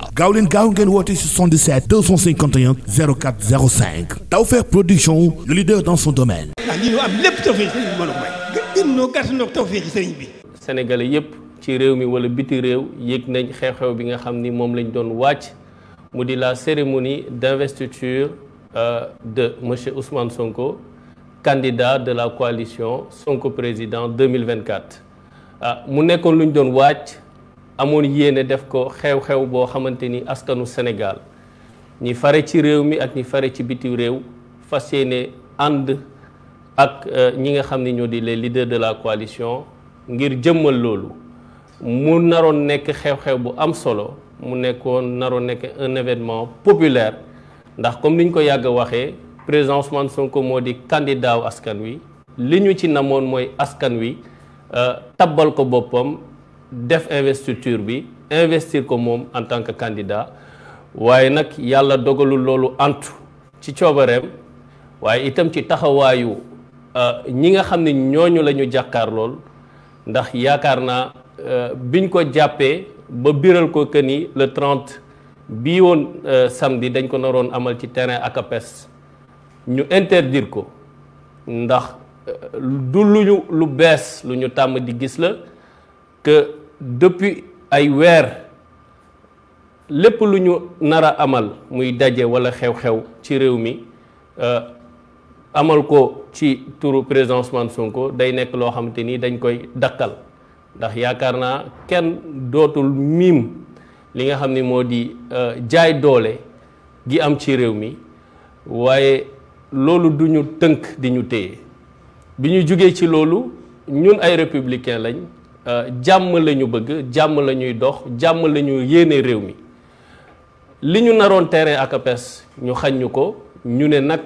waaw gaaw leen gaaw ngeen woote 77 251 04 05 Tawfekh Production le leader dans son domaine. ah lii ñu am lépp tawfeex sëriñ bi mën a may. yépp ci réew mi wala biti réew yëg nañ xew-xew bi nga xam ni moom lañ doon wàcc mu di la cérémonie d'investiture euh, de monsieur Ousmane Sonko candidat de la coalition Sonko président 2024 ah mu nekkoon lu doon wàcc. amoon yéene def ko xew-xew boo xamante ni askanu Sénégal ñi fare ci réew mi ak ñi fare ci biti réew fa yéene ànd ak euh, ñi nga xam ne ñoo di les leaders de la coalition ngir jëmmal loolu mu naroon nekk xew-xew bu am solo mu nekkoon naroon nekk un événement populaire ndax comme niñ ko yàgg a waxee président Ousmane Sonko moo di candidat wu askan wi li ñu ci namoon mooy askan wi euh, tabbal ko boppam def investiture bi investir ko moom en tant que candidat waaye nag yàlla dogalul loolu antu ci coobareem waaye itam ci taxawaayu euh, ñi nga xam ne ñooñu lañu ñu jàkkaar lool ndax yaakaar naa euh, biñ ko jàppee ba biral ko que ni le trent bi woon euh, samedi dañ ko naroon amal ci terrain pes ñu interdire ko ndax du lu ñu lu bees lu ñu tàmm di gis la que depuis ay weer lépp lu ñu nar a amal muy daje walla xew-xew ci réew mi euh, amal ko ci tour président Ousmane Sonko day nekk loo xamante ni dañ koy dakkal ndax yaakaar naa kenn dootul miim li nga xam ni moo di euh, jaay doole gi am ci réew mi waaye loolu duñu tënk di ñu téye bi ñu jugee ci loolu ñun ay républicain lañ Euh, jàmm la ñu bëgg jàmm la ñuy dox jàmm la yéene réew mi li ñu naroon terrain ak APES ñu xañ ko ñu ne nag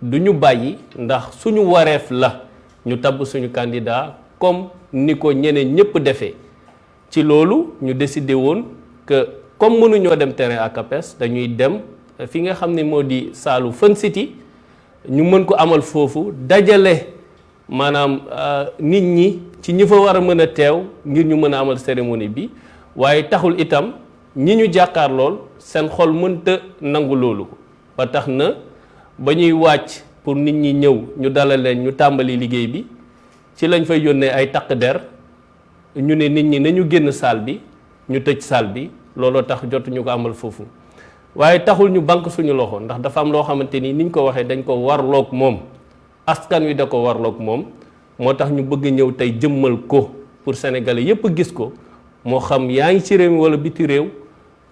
du ñu bàyyi ndax suñu wareef la ñu tabb suñu candidat kom ni ko ñeneen ñëpp defee ci loolu ñu décidé woon que comme mënuñoo dem terrain ak APES dañuy dem fi nga xam ni moo di saalu Fun City ñu mën ko amal foofu dajale maanaam euh, nit ñi ci ñi fa war a mën a teew ngir ñu mën a amal cérémonie bi waaye taxul itam ñi ñu jàkkaar lool seen xol mënta nangu loolu ko ba tax na ba ñuy wàcc pour nit ñi ñëw ñu dalal leen ñu tàmbali liggéey bi ci lañ fay yónnee ay takk der ñu ne nit ñi nañu génn salle bi ñu tëj salle bi looloo tax jotuñu ko amal foofu waaye taxul ñu banque suñu loxo ndax dafa am loo xamante ni niñ ko waxee dañ ko warlook moom askan wi da ko warloog moom moo tax ñu bëgg ñëw tey jëmmal ko pour sénégalais yépp gis ko moo xam yaa ngi ci réew mi wala bitti réew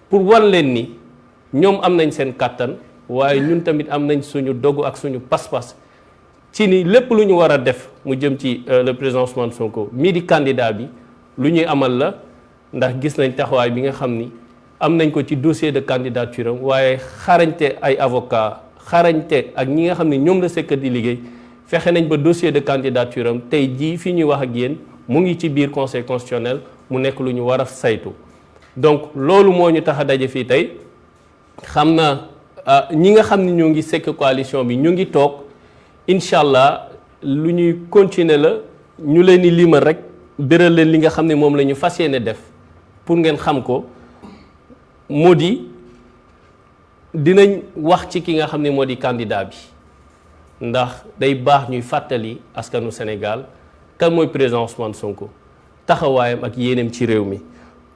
pour wan leen ni ñoom am nañ seen kàttan waaye ñun tamit am nañ suñu dogu ak suñu pas-pas ci ni lépp lu ñu war a def mu jëm ci euh, le président Ousmane Sonko mii di candidat bi lu ñuy amal la ndax gis nañ taxawaay bi nga xam ni am nañ ko ci dossier de candidature am waaye xarañte ay avocat xarañte ak ñi nga xam ne ñoom la sekkat di liggéey fexe nañ ba dossier de candidature am tey jii fi ñuy wax ak yéen mu ngi ci biir conseil constitutionnel mu nekk lu ñu war a saytu donc loolu moo ñu tax a daje fii tey xam na ah, ñi nga xam ne ñoo ngi sekk coalition bi ñu ngi toog incha allah lu ñuy continuer la ñu leen di limal rek béral leen li nga xam ne moom la ñu fas yéene def pour ngeen xam ko moo di dinañ wax ci ki nga xam ne moo di candidat bi. ndax day baax ñuy fàttali askanu Sénégal kan mooy président Ousmane Sonko taxawaayam ak yéeneem ci réew mi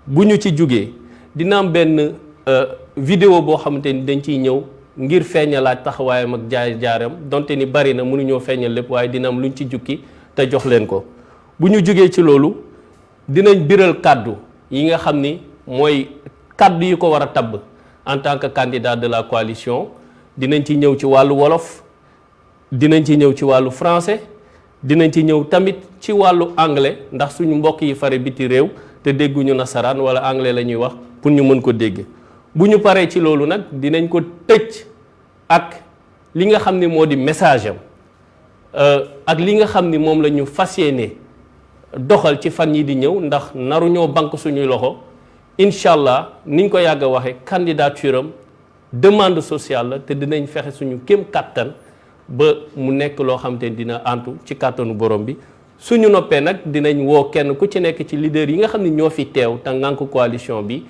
bu ñu ci jógee dina am benn euh, vidéo boo xamante ni dañ ciy ñëw ngir feeñalaat taxawaayam ak jaay jaaram donte ni bari na mënuñoo feeñal lépp waaye dina am luñ ci jukki te jox leen ko bu ñu jógee ci loolu dinañ biral kàddu yi nga xam ni mooy kàddu yi ko war a tabb en tant que candidat de la coalition dinañ ci ñëw ci wàllu wolof dinañ ci ñëw ci wàllu français dinañ ci ñëw tamit ci wàllu anglais ndax suñu mbokk yi fare biti réew te dégguñu nasaraan wala anglais la ñuy wax pour ñu mën ko dégg bu ñu paree ci loolu nag dinañ ko tëj ak li nga xam ni moo di message am euh, ak li nga xam ni moom la ñu fas yéene doxal ci fan yi di ñëw ndax naruñoo banque suñuy loxo incha allah niñ ko yàgg a waxee candidature am demande sociale la te dinañ fexe suñu kéem kattan. ba mu nekk loo xam te dina antu ci kàttanu borom bi suñu noppee nag dinañ woo kenn ku ci nekk ci leader yi nga xam ne ñoo fi teew te ngànk coalition bi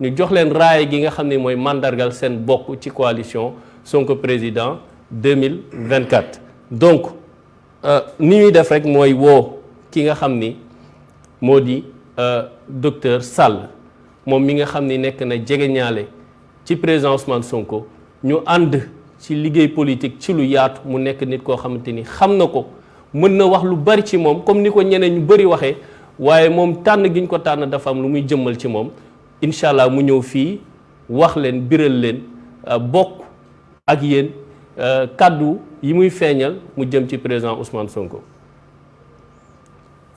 ñu jox leen raay gi nga xam ne mooy màndargal seen bokk ci coalition Sonko président 2024. donc euh, ni ñuy def rek mooy woo ki nga xam ni moo di euh, docteur Sall moom mi nga xam ni nekk na jege ñaale ci président Ousmane Sonko ñu ànd. ci liggéey politique ci lu yaatu mu nekk nit koo xamante ni xam na ko mën na wax lu bari ci moom comme ni ko ñeneen ñu bari waxee waaye moom tànn gi ñu ko tànn dafa am lu muy jëmmal ci moom incha allah mu ñëw fii wax leen biral leen euh, bokk ak yéen euh, kàddu yi muy feeñal mu jëm ci président Ousmane Sonko.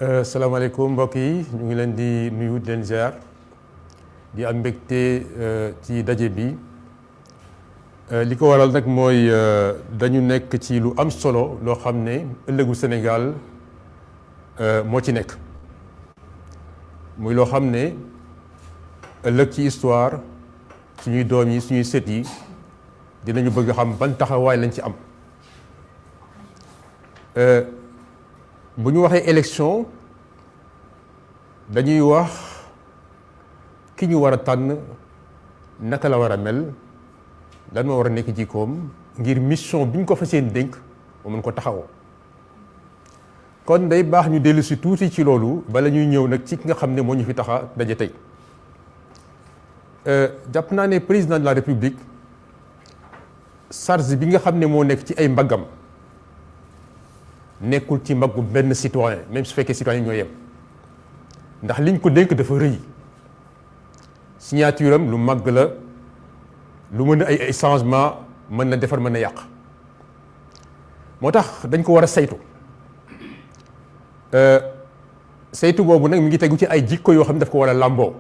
Euh, salaamaaleykum mbokk yi ñu ngi leen di nuyu di leen ziar di am mbégte ci daje bi. Euh, li ko waral nag mooy euh, dañu nekk ci lu am solo loo xam ne ëllëgu Sénégal euh, moo ci nekk muy loo xam ne ëllëg ci histoire suñuy doom yi suñuy sët yi dinañu bëgg xam ban taxawaay lañ ci am bu ñu waxee élection dañuy wax ki ñu war a tànn naka la war a mel lan moo war a nekk jikkoom ngir mission bi ñu ko fas yéene dénk mu mën ko taxawoo kon day baax ñu dellu si tuuti ci loolu bala ñuy ñëw nag ci ki nga xam ne moo ñu fi taxa daje tey euh, jàpp naa ne président de la république bi nga xam ne moo nekk ci ay mbaggam nekkul ci mbaggu benn citoyen même su fekkee citoyen ñoo yem ndax liñ ko dénk dafa rëy signature am lu màgg la. lu mën ay ay changement mën na defar mën na yàq moo tax dañ ko war a saytu euh, saytu boobu nag mu ngi tegu ci ay jikko yoo xam ne daf ko war a làmboo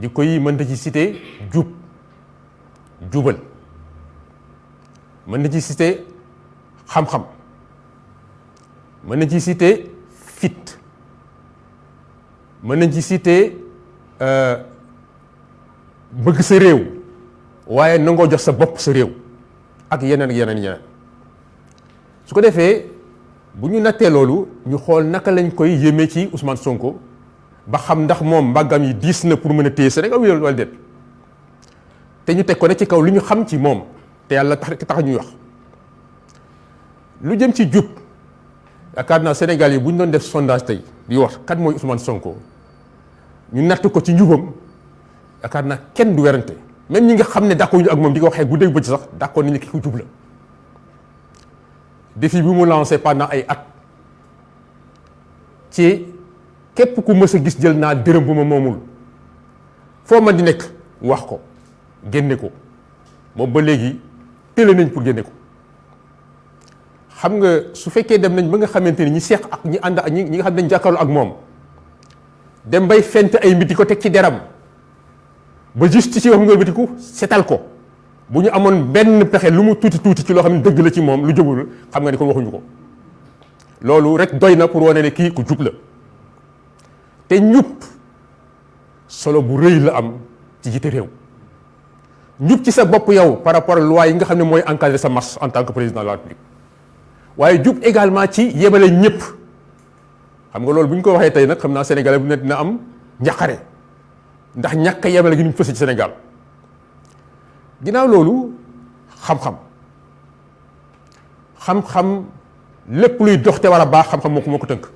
jikko yi mën na ci site jub jubal mën na ci site xam-xam mën na ci site fit mën na ci citer. Euh, bëgg sa réew waaye nangoo jox sa bopp sa réew ak yeneen yeneen yeneen su ko defee bu ñu nattee loolu ñu xool naka lañ koy yéeme ci Ousmane Sonko ba xam ndax moom mbàggam yi diis na pour mën a téye Sénégal wala déet te ñu teg ko ci kaw li ñu xam ci moom te yàlla tax tax ñu yox lu jëm ci jub yaakaar naa Sénégal yi bu ñu doon def sondage tey di wax kan mooy Ousmane Sonko ñu natt ko ci njubam. yaakaar naa kenn du werante même ñi nga xam ne d'accord ñu ak moom di ko waxee guddeeg bëcc sax d'accord nañu ki ko jubla défi bi mu lancé pendant ay at ci képp ku mës a gis jël naa dërëm bu ma moomul foo ma di nekk wax ko génne ko moom ba léegi télé nañ pour génne ko xam nga su fekkee dem nañ ba nga xamante ni ñi seex ak ñi ànd ak ñi nga xam ne dañ jàkkaarloo ak moom dem bay fent ay mbir di ko teg ci deram ba justifié wam nga bitiku setal ko bu ñu amoon benn pexe lu mu tuuti tuuti ci loo xam ne dëgg la ci moom lu jubul xam nga ni kon waxuñu ko loolu rek doy na pour wane ne kii ku jub la te njub solo bu rëy la am ci jiite réew njub ci sa bopp yow par rapport ak loi yi nga xam ne mooy encadrer sa marche en tant que président de la République waaye jub également ci yebale ñëpp xam nga loolu bu ñu ko waxee tey nag xam naa sénégalais bu ne dina am njaqare ndax ñàkk yemale gi ñu fëse ci Sénégal ginnaaw loolu xam-xam xam-xam lépp luy dox te war a baax xam-xam moo ko moo ko tënk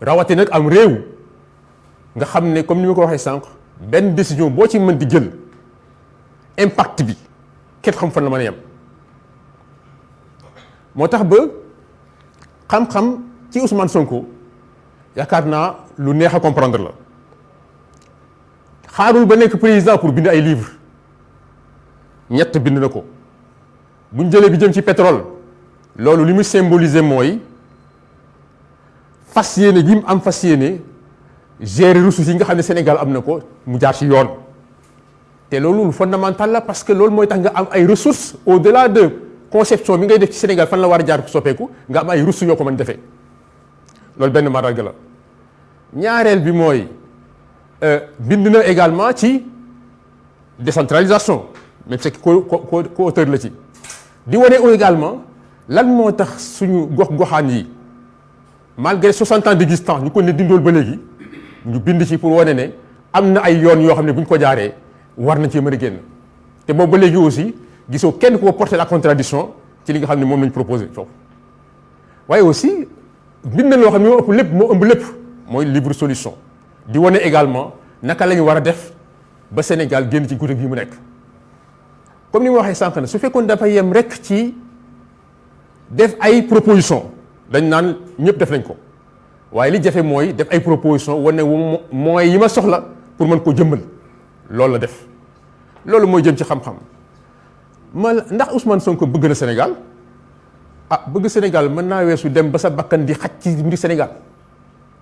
rawati nag am réew nga xam ne comme ni ma ko waxee sànq benn décision boo ci mën di jël impact bi kenn xam fan la mën a yem moo tax ba xam-xam ci Ousmane Sonko yaakaar naa lu neex a comprendre la xaarul ba nekk président pour bind ay livre ñett bind na ko buñ jëlee bi jëm ci pétrole loolu li mu symboliser mooy fas yéene gi mu am fas yéene gérer ressources yi nga xam ne Sénégal am na ko mu jaar ci yoon te loolu lu fondamental la parce que loolu mooy tax nga am ay ressources au-delà de conception bi ngay def ci Sénégal fan la war a jaar soppeeku nga am ay ressources yoo ko mën defee loolu benn màndarga la ñaareel bi mooy Euh, bind na également ci décentralisation même fekk ko ko ko auteur la ci di wane également lan moo tax suñu gox-goxaan yi malgré 60 ans d'existence ñu ko ne dindool ba léegi ñu bind ci pour wane ne am na ay yoon yoo xam ne buñ ko jaaree war nañ cee mën génn te boobu ba léegi aussi gisoo kenn koo porter la contradiction ci li nga xam ne moom lañ proposé foofu waaye aussi bind na loo xam ne moo ëpp lépp moo ëmb lépp mooy libre solution di wane également naka lañu war a def ba Sénégal génn ci guddi gi mu nekk comme ni ma waxee sànq na su fekkoon dafa yem rek ci def ay proposition dañ naan ñëpp def nañ ko waaye li jafe mooy def ay proposition wane moo mooy yi ma soxla pour mën koo jëmmal loolu la def loolu mooy jëm ci xam-xam ma ndax soon ko bëgg na Sénégal ah bëgg Sénégal mën naa weesu dem ba sa bakkan di xaj ci mbir Sénégal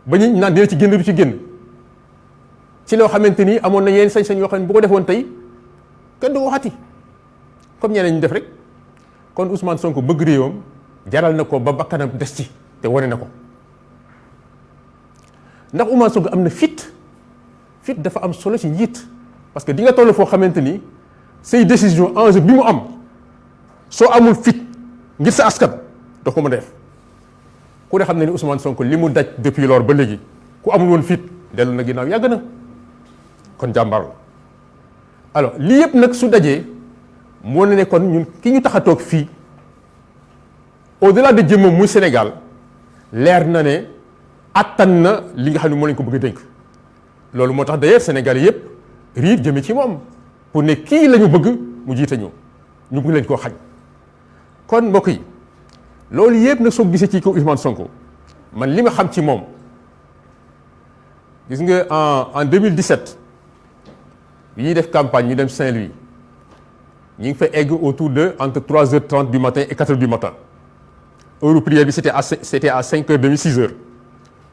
ba ñu naan dina ci génn du ci génn ci loo xamante ni amoon na yenn sañ-sañ yoo xam ne bu ko defoon tey kenn waxati comme ñeneen ñu def rek kon Ousmane Sonko bëgg réewam jaral na ko ba bakkanam des ci te wane na ko ndax Ousmane Sonko am na fit fit dafa am solo ci njiit parce que di nga toll foo xamante ni say décision enjeu bi mu am soo amul fit ngir sa askan doo ko mën a def ku ne xam ne ni Ousmane sonk li mu daj depuis loolu ba léegi ku amul woon fit dellu na ginnaaw yàgg na. kon jàmbaar la alors lii yëpp nag su dajee moo ne ne kon ñun ki ñu tax a toog fii au-delà de jëmmam muy Sénégal leer na ne attan na li nga xam ne moo lañ ko bëgg a loolu moo tax d'ailleurs Sénégal yëpp riir jëme ci moom pour ne kii lañu bëgg mu jiite ñu ñu ngi leen koo xaj kon mbokk yi loolu yëpp nag soo gisee ci ko Ousmane Sonko man li ma xam ci moom gis nga en en 2017 bi ñuy def campagne ñu dem Saint-Louis ñu ngi fa egg autour de entre trois heures 30 du matin et 4 heures du matin heure prière bi c'était à c'était à 5 heures demi 6 heures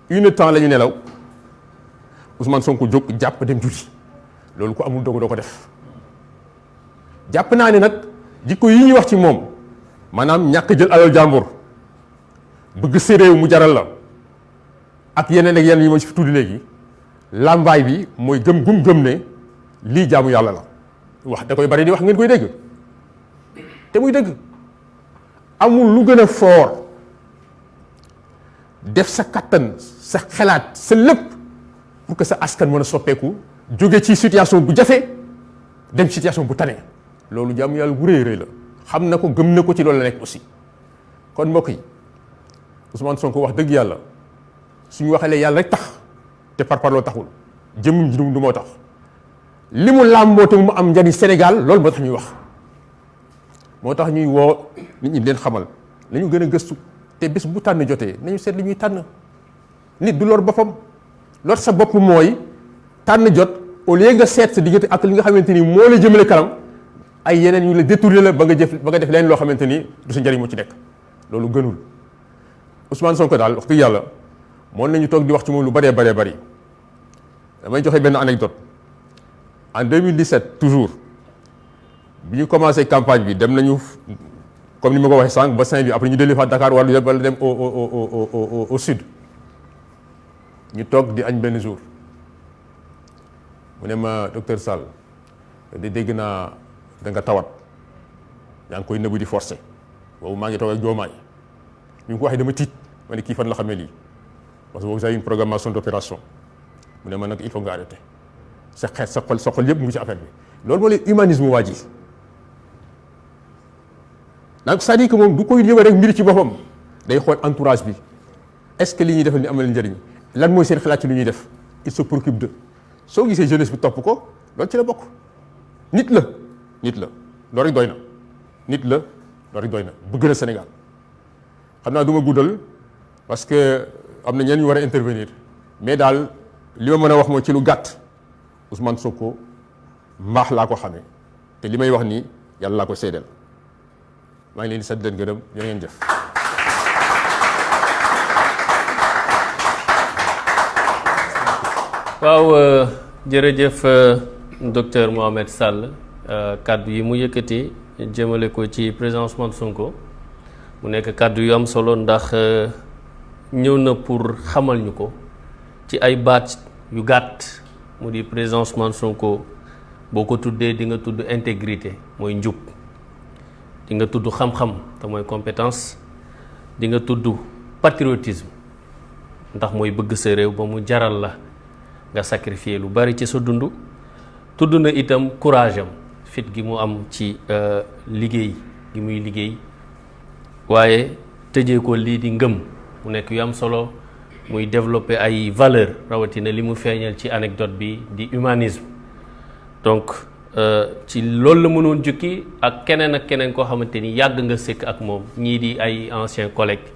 une heure temps la ñu nelaw Ousmane Sonko jóg jàpp dem julli loolu ko amul doog doo ko def jàpp naa ne nag jikko yi ñuy wax ci moom maanaam ñàkk jël alal jàmbur bëgg sa réew mu jaral la ak yeneen ak yenn yi ma ci fi tudd léegi làmbaay bi mooy gëm gum gëm ne lii jaamu yàlla la wax da koy bari di wax ngeen koy dégg te muy dëgg amul lu gën a foor def sa kattan sa xalaat sa lëpp pour que sa askan mën soppeeku jóge ci situation bu jafe dem situation bu tane loolu jaamu yàlla bu rëy rëy la xam na ko gëm na ko ci loolu la nekk aussi kon mbokk yi Ousmane Sonko wax dëgg yàlla suñu waxalee yàlla rek tax te parparloo taxul jëmmum ji du moo tax li mu làmboo te mu am njariñ Sénégal loolu moo tax ñuy wax moo tax ñuy woo nit ñi leen xamal lañu gën a gëstu te bés bu tànn jotee nañu seet li ñuy tànn nit du lor boppam lor sa bopp mooy tànn jot au lieu nga seet sa diggante ak li nga xamante ni moo la jëmale kanam ay yeneen yu la détourné la ba nga jëf ba nga def leen loo xamante ni du sa njariñ moo ci nekk loolu gënul Ousmane Sonko daal wax yàlla moom nañu toog di wax ci moom lu bëree bëree bëri damay joxe benn anecdote en 2017 toujours bi ñu commencé campagne bi dem nañu comme ni ma ko waxee sànq ba Saint-Louis après ñu dellu fa Dakar wala yëpp wala dem au sud ñu toog di añ benn jour mu ne ma docteur Sall di dégg naa da nga tawat yaa ngi koy nëbbu di forcé boobu maa ngi toog ak joomaay ñu ngi ko waxee dama tiit ma ne kii fan la xamee lii parce que boobu j'ai une programmation d'opération mu ne ma nag il faut nga arrêté. sa xeet sa xol sa xol yëpp mu ngi ci affaire bi loolu moo lay humanisme waa ji donc c'est-à-dire moom du koy ñëwee rek mbir ci boppam day xool entourage bi est-ce que li ñuy defal ni am na njëriñ lan mooy seen xalaat ci li ñuy def il se préoccupe de soo gisee jeunesse bi topp ko loolu ci la bokk nit la nit la loolu rek doy na nit la loolu rek doy na bëgg na Sénégal xam naa du ma guddal parce que am na ñenn ñu war a intervenir mais daal li ma mën a wax mooy ci lu gàtt. Ousmane ko mbaax laa ko xamee te li may wax nii yàlla laa ko seedeel maa ngi leen gërëm ñoo ngeen jëf. waaw euh, jërëjëf euh, docteur Mohamed Sall euh, kàddu yi mu yëkkati jëmale ko ci président Ousmane Sonko mu nekk kàddu yu am solo ndax ñëw na pour xamal ñu ko ci ay baat yu gàtt. mu di président Ousmane Sonko boo ko tuddee di nga tudd intégrité mooy njub di nga tudd xam-xam te mooy compétence di nga tudd patriotisme ndax mooy bëgg sa réew ba mu jaral la nga sacrifier lu bari ci sa dund tudd na itam courage fit gi mu am ci euh, liggéey gi muy liggéey waaye tëje ko lii di ngëm mu nekk yu am solo muy développer ay valeur rawatina li mu feeñal ci anecdote bi di humanisme donc euh, ci loolu la mënoon jukki ak keneen ak keneen koo xamante ni yàgg nga sëkk ak moom ñii di ay ancien collègue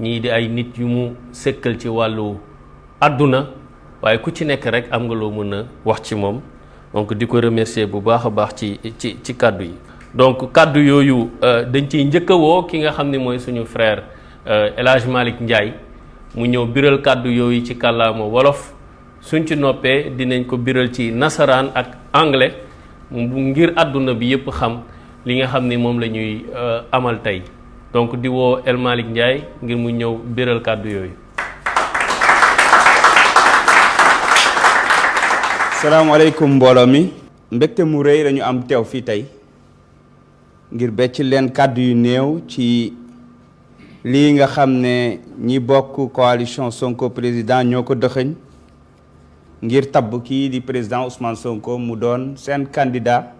ñii di ay nit yu mu sëkkal ci wàllu àdduna waaye ku ci nekk rek am nga loo mën a wax ci moom donc di ko remercier bu baax a baax ci ci ci kàddu yi donc kàddu yooyu euh, dañ ciy njëkk woo ki nga xam ni mooy suñu frère euh, El Hadj Malick Ndiaye mu ñëw biral kàddu yooyu ci kàllaama wolof suñ ci noppee dinañ ko biral ci nasaraan ak anglais ngir àdduna bi yépp xam li nga xam ni moom lañuy euh, amal tey donc di woo El Malick ngir mu ñëw biral kàddu yooyu salaamaaleykum mbooloo mi mbégte mu rëy lañu am teew fii tey ngir becc leen kàddu yu néew ci lii nga xam ne ñi bokk coalition Sonko président ñoo ko dëxëñ ngir tabb kii di président Ousmane Sonko mu doon seen candidat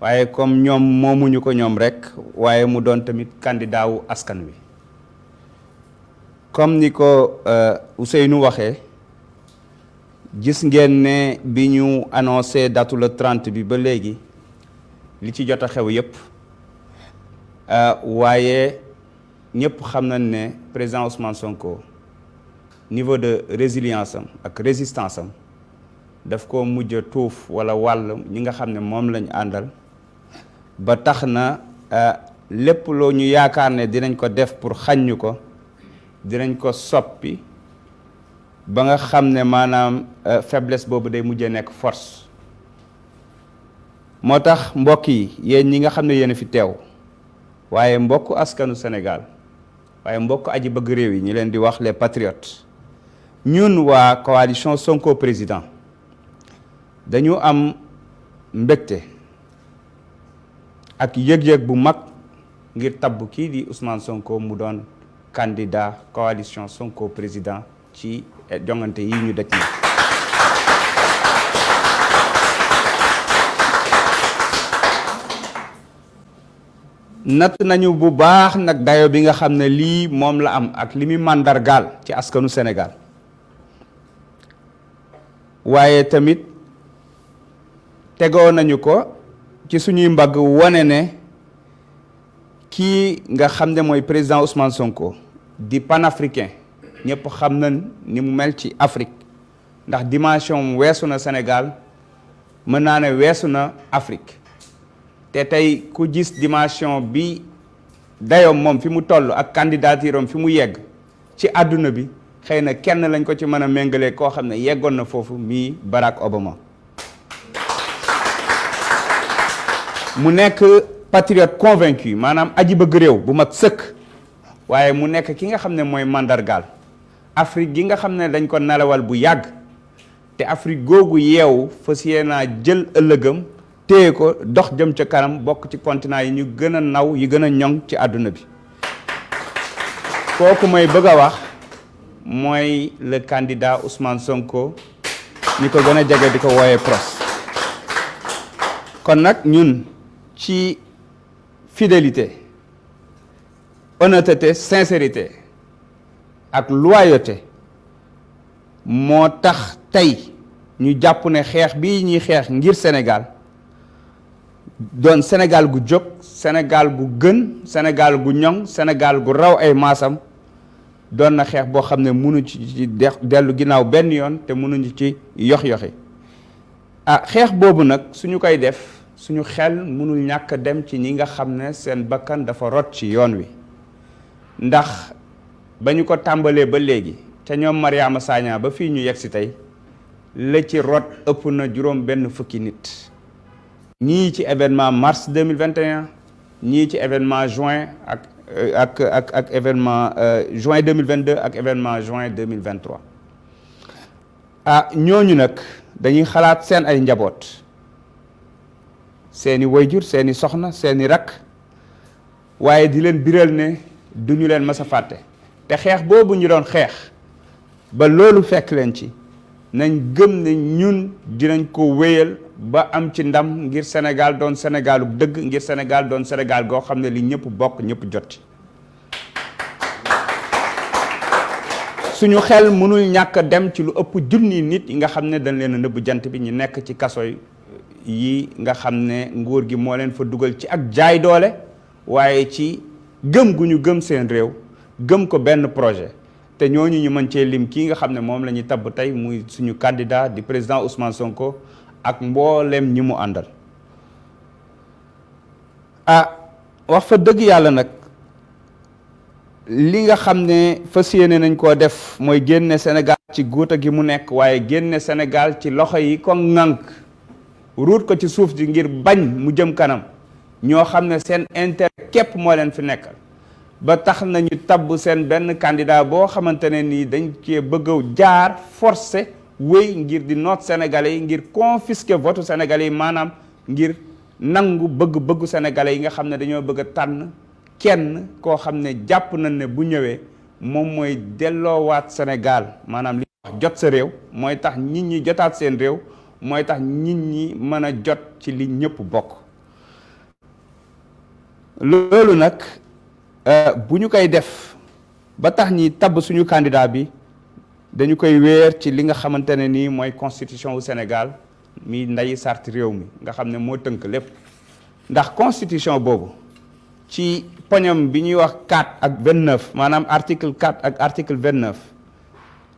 waaye comme ñoom moomuñu ko ñoom rekk waaye mu doon tamit candidat askan wi comme ni ko euh, use nu waxee gis ngeen ne bi ñu annoncé datu le 30 bi ba léegi li ci jot a xew yépp euh, waaye ñëpp xam nañ ne président Ousmane Sonko niveau de résilience am ak résistance am daf ko mujj tuuf wala wàll ñi nga xam ne moom lañ àndal ba tax na euh, lépp loo ñu yaakaar ne dinañ ko def pour xaññu ko dinañ ko soppi ba nga xam ne maanaam euh, faiblesse boobu day mujje nekk force moo tax mbokk yi yéen ñi nga xam ne yéen fi teew waaye mbokk askanu Sénégal waaye mbokk aji bëgg réew yi ñu leen di wax lee patriotes ñun waa coalition Sonko président dañu am mbégte ak yëg-yëg bu mag ngir tab kii di Ousmane Sonko mu doon candidat coalition Sonko président ci jongante yi ñu dëkk natt nañu bu baax nag dayo bi nga xam ne lii moom la am ak li muy màndargaal ci askanu Sénégal waaye tamit tegoo nañu ko ci suñuy mbagg wane ne kii nga xam ne mooy président Ousmane Sonko di panafricain ñëpp xam nañ ni mu mel ci Afrique ndax dimension weesu na Sénégal mën naa ne weesu na Afrique te tey ku gis dimension bi dayoom moom fi mu toll ak candidature fi mu yegg ci àdduna bi xëy na kenn lañ ko ci mën a méngalee koo xam ne yeggoon na foofu mii Barack Obama mu nekk patriote convaincu maanaam aji bëgg réew bu mat sëkk waaye mu nekk ki nga xam ne mooy mandargaal Afrique gi nga xam ne dañ ko nalawal bu yàgg te Afrique googu yeewu fas naa jël ëllëgam téye ko dox jëm ca kanam bokk ci continent yi ñu gën a naw yi gën a ñoŋ ci àdduna bi kooku may bëgg a wax mooy le kandidaa Ousmane Sonko ñi ko gën a jege di ko wooyee PROS kon nag ñun ci fidélité honnêteté sincérité ak loyauté moo tax tey ñu jàpp ne xeex bii ñuy xeex ngir Sénégal doon senegaal gu jóg senegaal gu gën senegaal gu ñoŋ senegaal gu raw ay maasam doon na xeex boo xam ne mënu ci dellu ginnaaw benn yoon te mënuñu ci yox-yoxi a ah, xeex boobu nag suñu koy def suñu xel mënul ñàkk dem ci ñi nga xam ne seen bakkan dafa rot ci yoon wi ndax ba ñu ko tàmbalee ba léegi te ñoom Mariama saañaa ba fii ñu yegg si tey la ci rot ëpp na juróom benn fukki nit ñi ci événement mars 2021 ñii ci événement juin ak euh, ak ak ak événement euh, juin 2022 ak événement juin 2023 ah ñooñu nag dañuy xalaat seen ay njaboot seeni wayjur seeni soxna seeni rakk waaye di leen biral ne duñu leen mës a fàtte te xeex boobu ñu doon xeex ba loolu fekk leen ci nañ gëm ne ñun dinañ ko wéyal ba am ci ndam ngir Sénégal doon Sénégalu dëgg ngir Sénégal doon Sénégal goo xam ne li ñëpp bokk ñëpp jot suñu xel mënul ñàkk dem ci lu ëpp junni nit yi nga xam ne dañ leen a nëbb jant bi ñu nekk ci kaso yi nga xam ne nguur gi moo leen fa dugal ci ak jaay doole waaye ci gëm gu ñu gëm seen réew gëm ko benn projet te ñooñu ñu mën cee lim kii nga xam ne moom la ñuy tabb tey muy suñu candidat di président Ousmane Sonko ak mboolem ñi mu àndal a ah, wax fa dëgg yàlla nag li nga xam ne fas yéene nañ koo def mooy génne Sénégal ci guuta gi mu nekk waaye génne Sénégal ci loxo yi ko ŋànk ruut ko ci suuf ji ngir bañ mu jëm kanam ñoo xam ne seen intérêt képp moo leen fi nekkal ba tax nañu tabb seen benn candidat boo xamante ne nii dañ cee bëgg jaar forcé wéy ngir di noot sénégalais yi ngir confisquer votu sénégalais yi maanaam ngir nangu bëgg-bëggu sénégalais yi nga xam ne dañoo bëgg a tànn kenn koo xam ne jàpp nañ ne bu ñëwee moom mooy delloowaat Sénégal maanaam li wax jot sa réew mooy tax nit ñi jotaat seen réew mooy tax nit ñi mën a jot ci li ñëpp bokk loolu nag euh, bu ñu koy def ba tax ñi tabb suñu kandidaa bi dañu koy wéer ci li nga xamante ne nii mooy constitution wu Sénégal mii nday sart réew mi nga xam ne moo tënk lépp ndax constitution boobu ci poñam bi ñuy wax 4 ak 29 maanaam article 4 ak article 29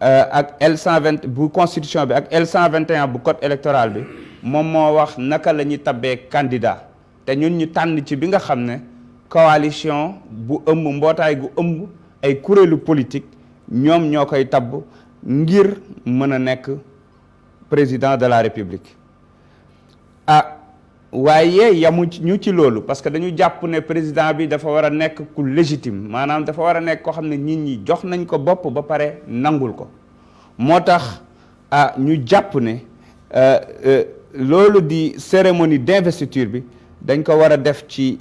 euh, ak L 120 bu constitution bi ak L 121 bu code électoral bi moom moo wax naka la ñuy tabbee candidat te ñun ñu tànn ci bi nga xam ne coalition bu ëmb mbootaay gu ëmb ay kuréelu politique ñoom ñoo koy tabb ngir mën a nekk président de la république ah waaye yamu ñu ci loolu parce que dañu jàpp ne président bi dafa war a nekk ku légitime maanaam dafa war a nekk koo xam ne nit ñi jox nañ ko bopp ba pare nangul ko moo tax ah ñu jàpp ne euh, euh, loolu di cérémonie d'investiture bi dañ ko war a def ci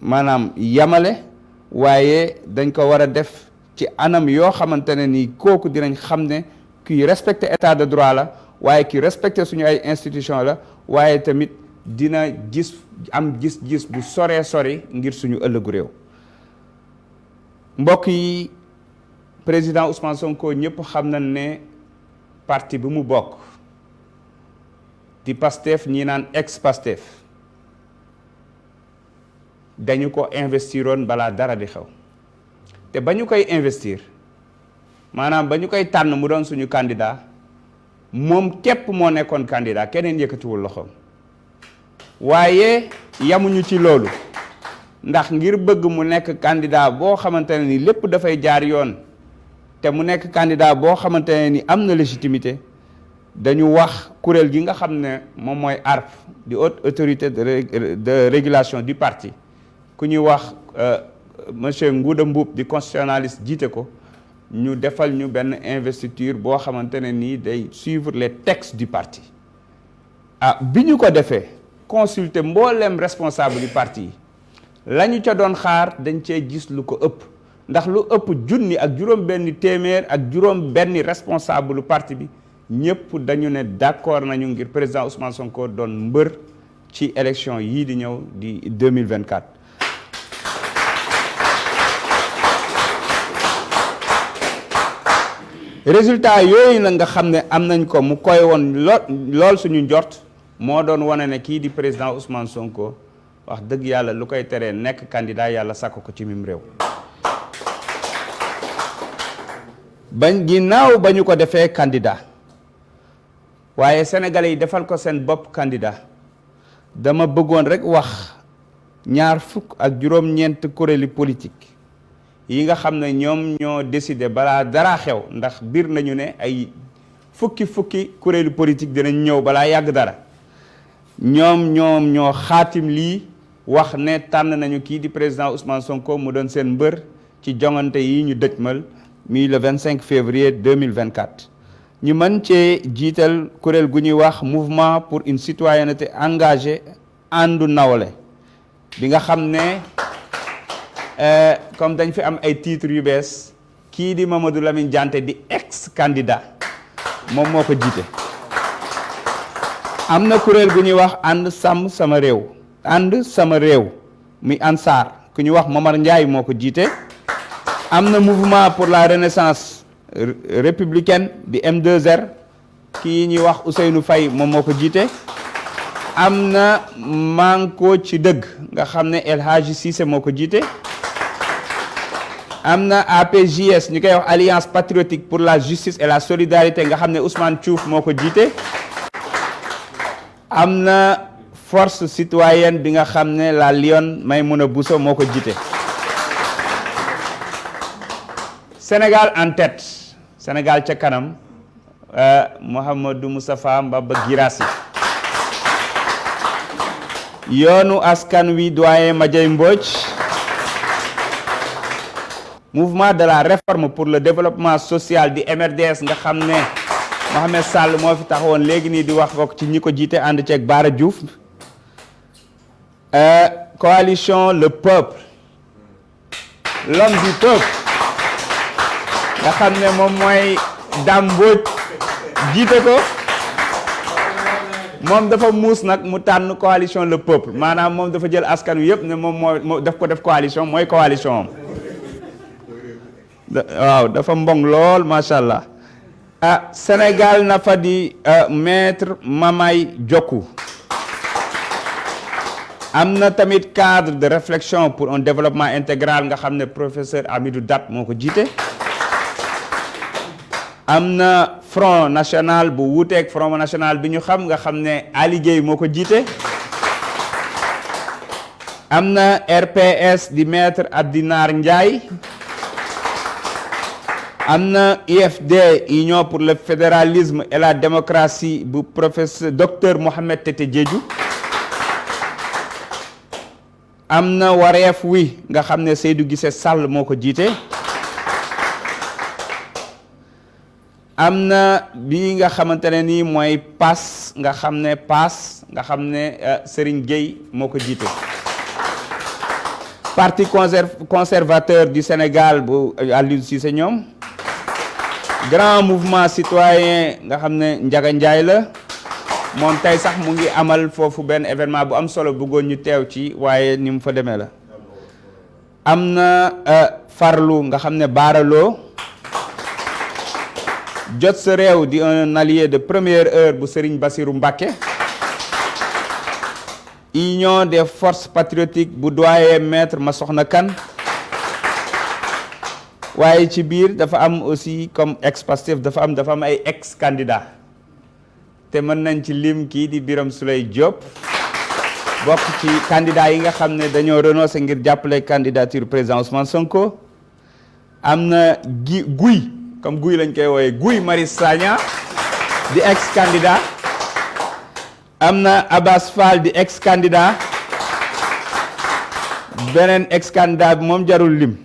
maanaam yamale waaye dañ ko war a def ci anam yoo xamante ne nii kooku dinañ xam ne kiy respecté état de droit la waaye ki respecté suñu ay institution la waaye tamit dina gis am gis-gis bu soree sori ngir suñu ëllëgu réew mbokk yi président Ousmane Sonko ñëpp xam nañ ne parti bi mu bokk di Pastef ñi naan ex Pastef dañu ko investiroon balaa dara di xew te ba ñu koy investir maanaam ba ñu koy tànn mu doon suñu candidat moom képp moo nekkoon candidat keneen yëkkatiwul loxoom waaye yamuñu ci loolu ndax ngir bëgg mu nekk candidat boo xamante ni lépp dafay jaar yoon te mu nekk candidat boo xamante ne ni am na légitimité dañu wax kuréel gi nga xam ne moom mooy ARP di haute autorité de régulation du partie ku ñuy wax euh, monsieur Ngouda Mboup di constitutionnaliste jiite ko ñu defal ñu benn investiture boo xamante ne nii day suivre les textes du parti ah bi ñu ko defee consulter mbooleem responsable du parti yi la ca doon xaar dañ cee gis lu ko ëpp ndax lu ëpp junni ak juróom benni téeméer ak juróom benni responsable lu parti bi ñëpp dañu ne d'accord nañu ngir président Ousmane Sonko doon mbër ci élection yii di ñëw di 2024 résultat yooyu nag nga xam ne am nañ ko mu koy woon lool lool suñu njort moo doon wane ne kii di président Ousmane Sonko wax dëgg yàlla lu koy teree nekk candidat yàlla sàkk ko ci mim réew bañ ginnaaw ba ñu ko defee candidat waaye senegal yi defal ko seen bopp candidat dama bëggoon rek wax ñaar fukk ak juróom-ñeent kuréeli politique yi nga xam ne ñoom ñoo décidé balaa dara xew ndax biir nañu ne ay fukki fukki kuréelu politique dinañ ñëw balaa yàgg dara ñoom ñoom ñoo xaatim lii wax ne tànn nañu kii di président Ousmane Sonko mu doon seen mbër ci jongante yi ñu dëjmal mi le 25 février 2024 ñu mën cee jiital kuréel gu ñuy wax mouvement pour une citoyenneté engagé àndu nawle bi nga xam ne Euh, comme dañ fi am ay titre yu bees kii di Mamadou Lamine Diante di ex candidat moom moo ko jiite am na kuréel gu ñuy wax ànd sàmm sama réew ànd sama réew muy ANSAR ku ñuy wax Momar Ndiaye moo ko jiite am na mouvement pour la renaissance républicaine di m 2 kii ñuy wax Ousseynou Faye moom moo ko jiite am na manko ci dëgg nga xam ne El Hadji Cissé moo ko jiite am na APJS ñu koy wax alliance patriotique pour la justice et la solidarité nga xam ne Ousmane Diouf moo ko jiite am na force citoyenne bi nga xam ne la Lyon Maimouna Bousso moo ko jiite Sénégal en tête Sénégal ca kanam euh, Mouhamadou Moustapha Mbaba Guirassy yoonu askan wi doyen Madiaye Mbodj mouvement de la réforme pour le développement social di MRDS nga xam ne Mohamed Sall moo fi taxawoon léegi nii di wax bokk ci ñi ko jiite ànd ceeg Bara Diouf euh, coalition le peuple l'homme du peuple nga xam ne moom mooy dàmbooj jiite ko moom dafa muus nag mu tànn coalition le peuple maanaam moom dafa jël askan wi yëpp ne moom mooy daf ko def coalition mooy coalition am waaw dafa mbong lool macha allah ah Sénégal na fa di ah, maître Mamay Diokou am na tamit cadre de réflexion pour un développement intégral nga xam ne professeur Amidou Dat moo ko jiite am na front national bu wuuteeg front national bi ñu xam nga xam ne Ali moo ko jiite am na RPS di maître Abdinar Ndiaye am na UFD Union pour le fédéralisme et la démocratie bu professeur docteur Mohamed Tete Diédhiou am na wareef wi nga xam ne Seydou Guissé Sall moo ko jiite am na bii nga xamante ne nii mooy paas nga xam ne paas nga xam ne euh, Serigne Gueye moo ko jiite parti conservateur du Sénégal bu euh, Aliou Cissé ñoom grand mouvement citoyen nga xam ne Njaga Njaay la moom tey sax mu ngi amal foofu benn événement bu am solo bëggoon ñu teew ci waaye ni mu fa demee la am na euh, farlu nga xam ne baaraloo jot sa réew di un allié de première heure bu Serigne Bassirou Mbacké union des force patriotiques bu mètre ma soxna Kane waaye ci biir dafa am aussi comme ex Pastef dafa am dafa am ay ex candidat te mën nañ ci lim kii di Birame Souleye Diop bokk ci candidat yi nga xam ne dañoo renoncé ngir jàppale candidature président Ousmane ko am na gi guy comme guy lañ koy wooye guy Marius Sagna di ex candidat am na Abbas Fall di ex candidat beneen ex candidat bi moom jarul lim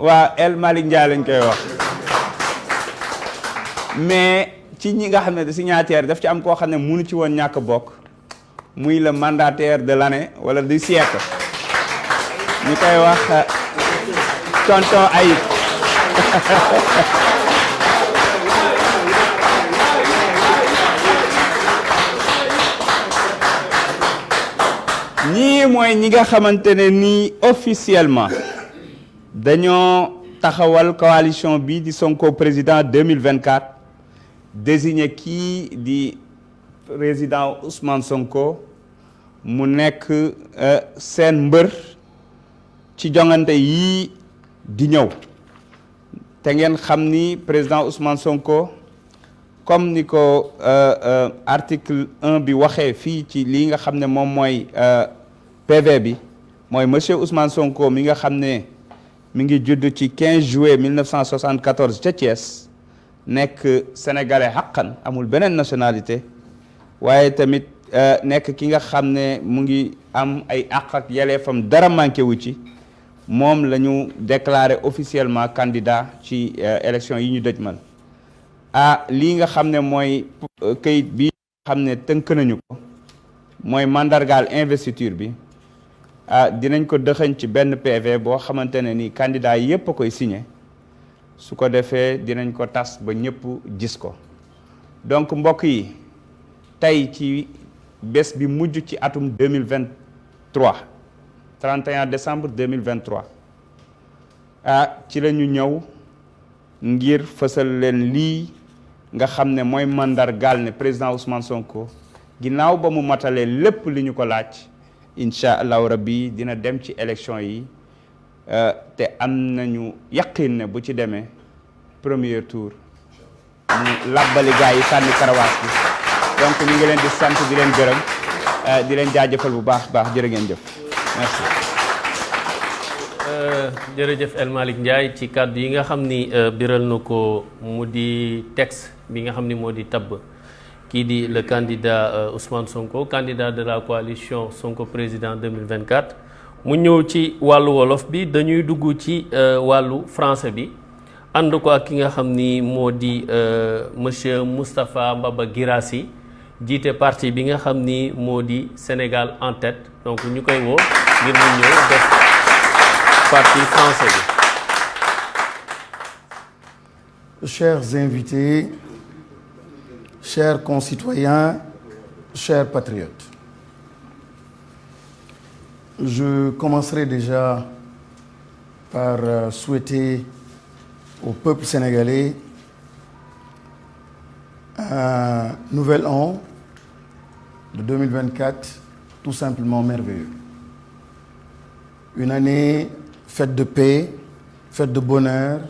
waa El Malick lañ koy wax mais ci ñi nga xam ne signataire daf ci am koo xam ne mu mënu ci woon ñàkk bokk muy le mandataire de l'année wala du siècle ñu koy wax euh, tonton Ayib ñii mooy ñi nga xamante ne nii officiellement dañoo taxawal coalition bi di Sonko président 2024 désigné kii di président Ousmane Sonko mu nekk euh, seen mbër ci jongante yii di ñëw te ngeen xam ni président Ousmane Sonko comme ni ko euh, euh, article 1 bi waxee fii ci li nga xam ne moom mooy PV bi mooy monsieur Ousmane Sonko mi nga xam ne mi ngi judd ci 15 juillet 1974 ca Thiès nekk sénégalais xaqan amul beneen nationalité waaye tamit euh, nekk ki nga xam ne mu ngi am ay àq ak yeleefam dara manqué wu ci moom la ñu déclaré officiellement candidat ci euh, élection yi ñu dëjmal ah lii nga xam ne mooy euh, këyit bi nga xam ne tënk nañu ko mooy mandargaal investiture bi ah dinañ ko dëxañ ci benn PV boo xamante ne ni candidat yépp a koy signé su ko defee dinañ ko tas ba ñëpp gis ko donc mbokk yi tey ci bés bi mujj ci atum 2023 31 décembre 2023 ah ci lañu ñëw ngir fësal leen lii nga xam ne mooy mandargaal ne président Ousmane Sonko ginnaaw ba mu matalee lépp li ñu ko laaj incha allahu rabbi dina dem ci élection yi euh, te am nañu yaqin ne bu ci demee premier tour mu làbbali gaa yi sànni karawaas bi donc ñu ngi leen di sant di leen gërëm euh, di leen jaajëfal bu baax baax jërë ngeen jëf merci euh, jërëjëf El Malick Ndiaye ci kàddu yi nga xam ni biral na ko mu di texte bi nga xam ni moo di tabb kii di le candidat euh, Ousmane Sonko candidat de la coalition Sonko président 2024 mu ñëw ci wàllu wolof bi dañuy dugg ci euh, wàllu français bi ànd ko ak ki nga xam ni moo di euh, monsieur Moustapha Mbaba Guirassy jiite parti bi nga xam ni moo di Sénégal en tête donc ñu koy woo ngir mu ñëw def parti français bi. chers concitoyens, chers patriotes, je commencerai déjà par euh, souhaiter au peuple sénégalais un nouvel an de 2024 tout simplement merveilleux. Une année faite de paix, faite de bonheur,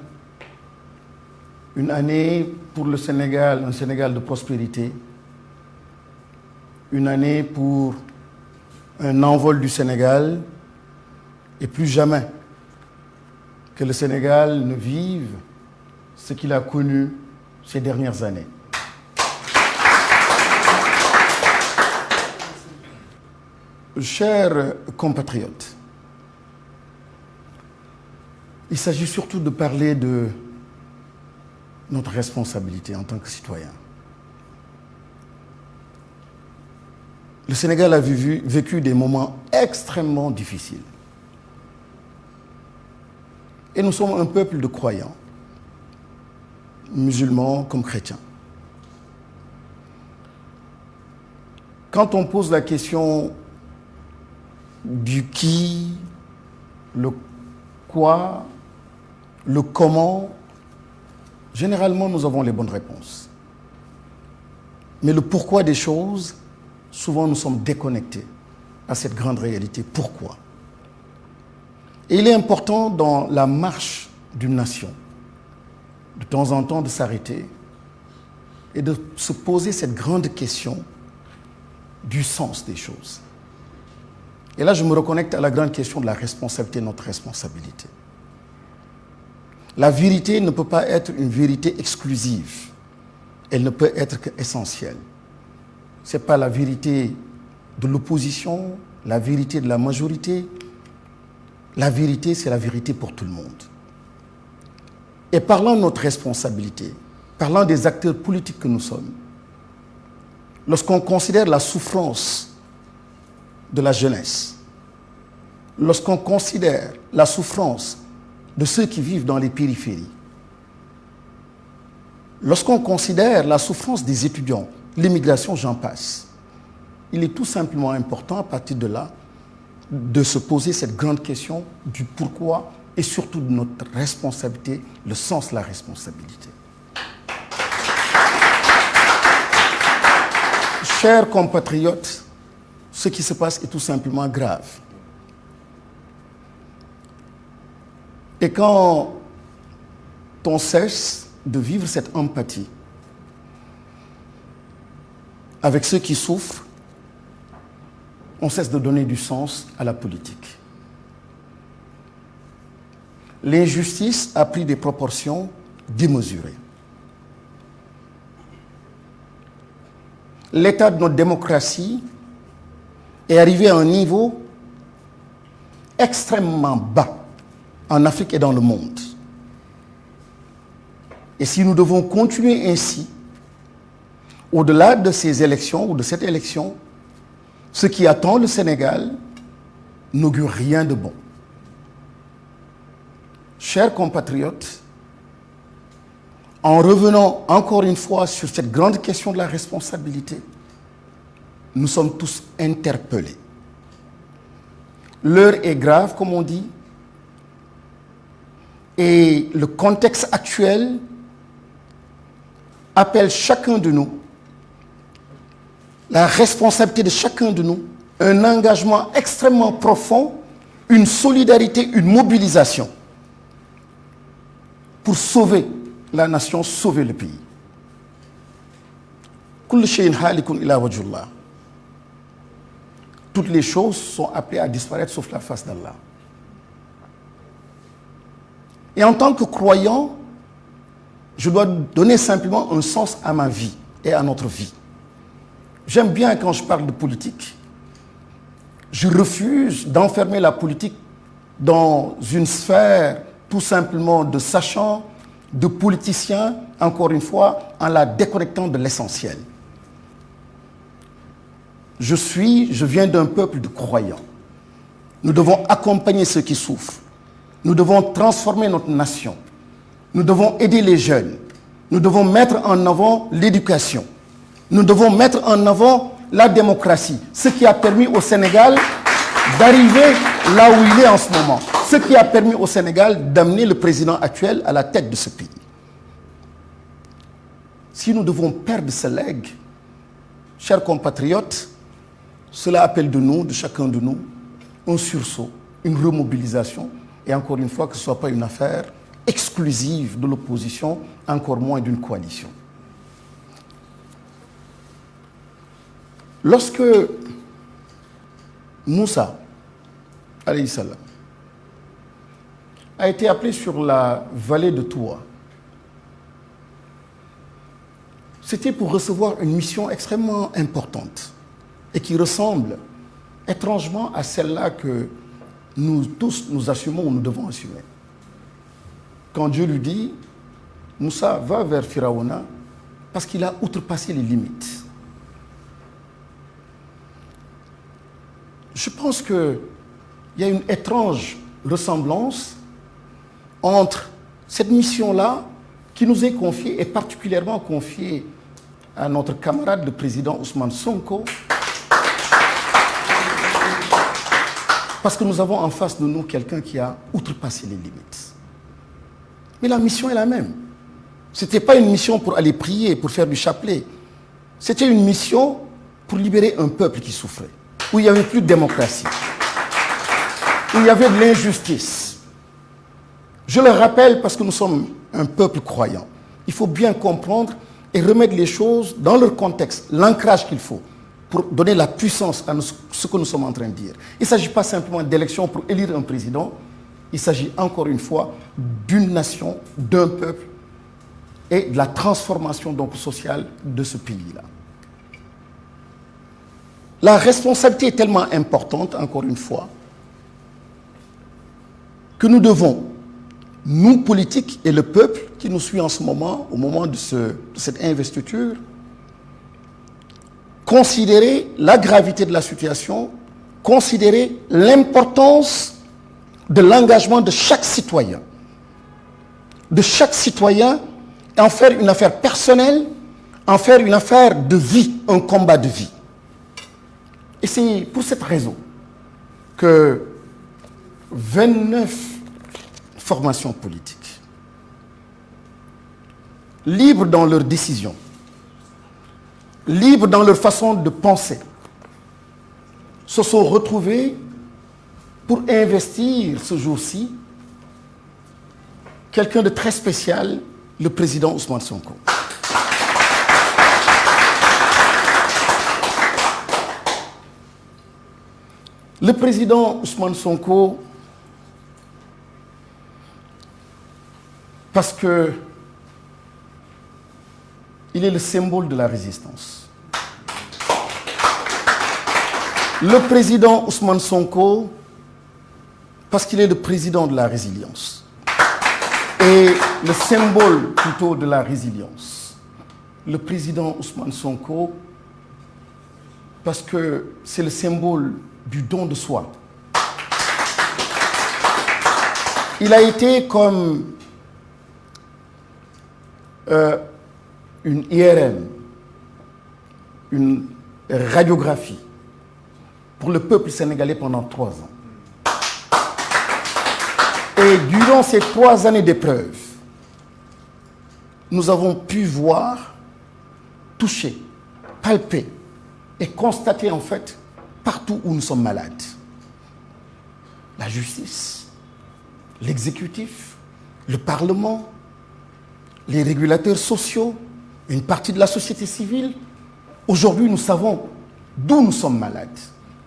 une année pour le Sénégal, un Sénégal de prospérité, une année pour un envol du Sénégal, et plus jamais que le Sénégal ne vive ce qu'il a connu ces dernières années. Chers compatriotes, il s'agit surtout de parler de notre responsabilité en tant que citoyen. Le Sénégal a vécu, vécu des moments extrêmement difficiles. Et nous sommes un peuple de croyants, musulmans comme chrétiens. Quand on pose la question du qui, le quoi, le comment, Généralement, nous avons les bonnes réponses. Mais le pourquoi des choses, souvent nous sommes déconnectés à cette grande réalité. Pourquoi Et il est important dans la marche d'une nation, de temps en temps, de s'arrêter et de se poser cette grande question du sens des choses. Et là, je me reconnecte à la grande question de la responsabilité, notre responsabilité. La vérité ne peut pas être une vérité exclusive. Elle ne peut être qu'essentielle. Ce n'est pas la vérité de l'opposition, la vérité de la majorité. La vérité, c'est la vérité pour tout le monde. Et parlant de notre responsabilité, parlant des acteurs politiques que nous sommes, lorsqu'on considère la souffrance de la jeunesse, lorsqu'on considère la souffrance de ceux qui vivent dans les périphéries. Lorsqu'on considère la souffrance des étudiants, l'immigration, j'en passe, il est tout simplement important à partir de là de se poser cette grande question du pourquoi et surtout de notre responsabilité, le sens de la responsabilité. Chers compatriotes, ce qui se passe est tout simplement grave. Et quand on cesse de vivre cette empathie avec ceux qui souffrent, on cesse de donner du sens à la politique. L'injustice a pris des proportions démesurées. L'état de notre démocratie est arrivé à un niveau extrêmement bas en Afrique et dans le monde. Et si nous devons continuer ainsi, au-delà de ces élections ou de cette élection, ce qui attend le Sénégal n'augure rien de bon. Chers compatriotes, en revenant encore une fois sur cette grande question de la responsabilité, nous sommes tous interpellés. L'heure est grave, comme on dit, Et le contexte actuel appelle chacun de nous, la responsabilité de chacun de nous, un engagement extrêmement profond, une solidarité, une mobilisation pour sauver la nation, sauver le pays. Toutes les choses sont appelées à disparaître sauf la face d'Allah. Et en tant que croyant, je dois donner simplement un sens à ma vie et à notre vie. J'aime bien quand je parle de politique. Je refuse d'enfermer la politique dans une sphère tout simplement de sachants, de politiciens, encore une fois, en la déconnectant de l'essentiel. Je suis, je viens d'un peuple de croyants. Nous devons accompagner ceux qui souffrent. Nous devons transformer notre nation. Nous devons aider les jeunes. Nous devons mettre en avant l'éducation. Nous devons mettre en avant la démocratie, ce qui a permis au Sénégal d'arriver là où il est en ce moment. Ce qui a permis au Sénégal d'amener le président actuel à la tête de ce pays. Si nous devons perdre ce legs, chers compatriotes, cela appelle de nous, de chacun de nous, un sursaut, une remobilisation et encore une fois que ce ne soit pas une affaire exclusive de l'opposition, encore moins d'une coalition. Lorsque Moussa alayhi salam, a été appelé sur la vallée de Toua, c'était pour recevoir une mission extrêmement importante et qui ressemble étrangement à celle-là que nous tous, nous assumons, nous devons assumer. Quand Dieu lui dit, Moussa va vers Pharaona parce qu'il a outrepassé les limites. Je pense qu'il y a une étrange ressemblance entre cette mission-là qui nous est confiée et particulièrement confiée à notre camarade le président Ousmane Sonko. Parce que nous avons en face de nous quelqu'un qui a outrepassé les limites. Mais la mission est la même. Ce n'était pas une mission pour aller prier, pour faire du chapelet. C'était une mission pour libérer un peuple qui souffrait, où il n'y avait plus de démocratie, où il y avait de l'injustice. Je le rappelle parce que nous sommes un peuple croyant. Il faut bien comprendre et remettre les choses dans leur contexte, l'ancrage qu'il faut. pour donner la puissance à nous, ce que nous sommes en train de dire. Il ne s'agit pas simplement d'élections pour élire un président, il s'agit encore une fois d'une nation, d'un peuple et de la transformation donc sociale de ce pays-là. La responsabilité est tellement importante, encore une fois, que nous devons, nous politiques et le peuple qui nous suit en ce moment, au moment de, ce, de cette investiture, considérer la gravité la situation, considérer l'importance de l'engagement de chaque citoyen, de chaque citoyen, en faire une affaire personnelle, en faire une affaire de vie, un combat de vie. Et c'est pour cette raison que 29 formations politiques, libres dans leurs libres dans leur façon de penser, se sont retrouvés pour investir ce jour-ci quelqu'un de très spécial, le président Ousmane Sonko. Le président Ousmane Sonko, parce que Il est le symbole de la résistance. Le président Ousmane Sonko, parce qu'il est le président de la résilience et le symbole plutôt de la résilience. Le président Ousmane Sonko, parce que c'est le symbole du don de soi. Il a été comme... Euh, une IRM, une radiographie pour le peuple sénégalais pendant trois ans. Et durant ces trois années d'épreuve, nous avons pu voir, toucher, palper et constater en fait partout où nous sommes malades. La justice, l'exécutif, le Parlement, les régulateurs sociaux, une partie de la société civile. Aujourd'hui, nous savons d'où nous sommes malades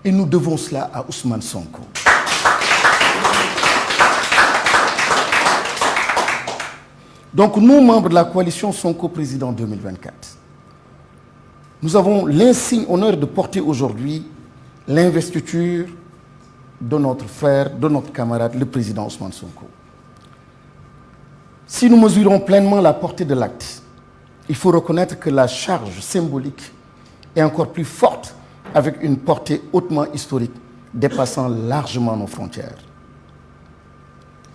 et nous devons cela à Ousmane Sonko. Donc nous, membres de la coalition Sonko Président 2024, nous avons l'insigne honneur de porter aujourd'hui de notre frère, de notre camarade, le président Ousmane Sonko. Si nous la portée de l'acte, il faut reconnaître que la charge symbolique est encore plus forte avec une portée hautement historique dépassant largement nos frontières.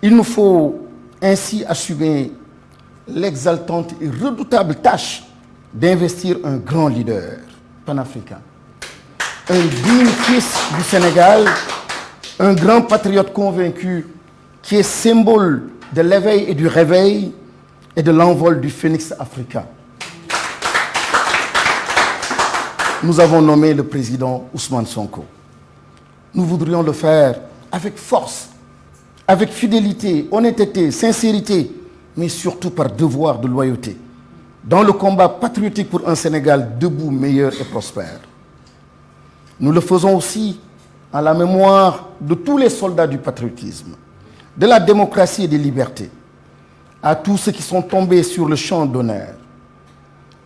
Il nous faut ainsi assumer l'exaltante et redoutable tâche d'investir un grand leader panafricain, un digne fils du Sénégal, un grand patriote convaincu qui est symbole de l'éveil et du réveil et de l'envol du phénix africain. nous avons nommé le président Ousmane Sonko. Nous voudrions le faire avec force, avec fidélité, honnêteté, sincérité, mais surtout par devoir de loyauté, dans le combat patriotique pour un Sénégal debout, meilleur et prospère. Nous le faisons aussi à la mémoire de tous les soldats du patriotisme, de la démocratie et des libertés, à tous ceux qui sont tombés sur le champ d'honneur,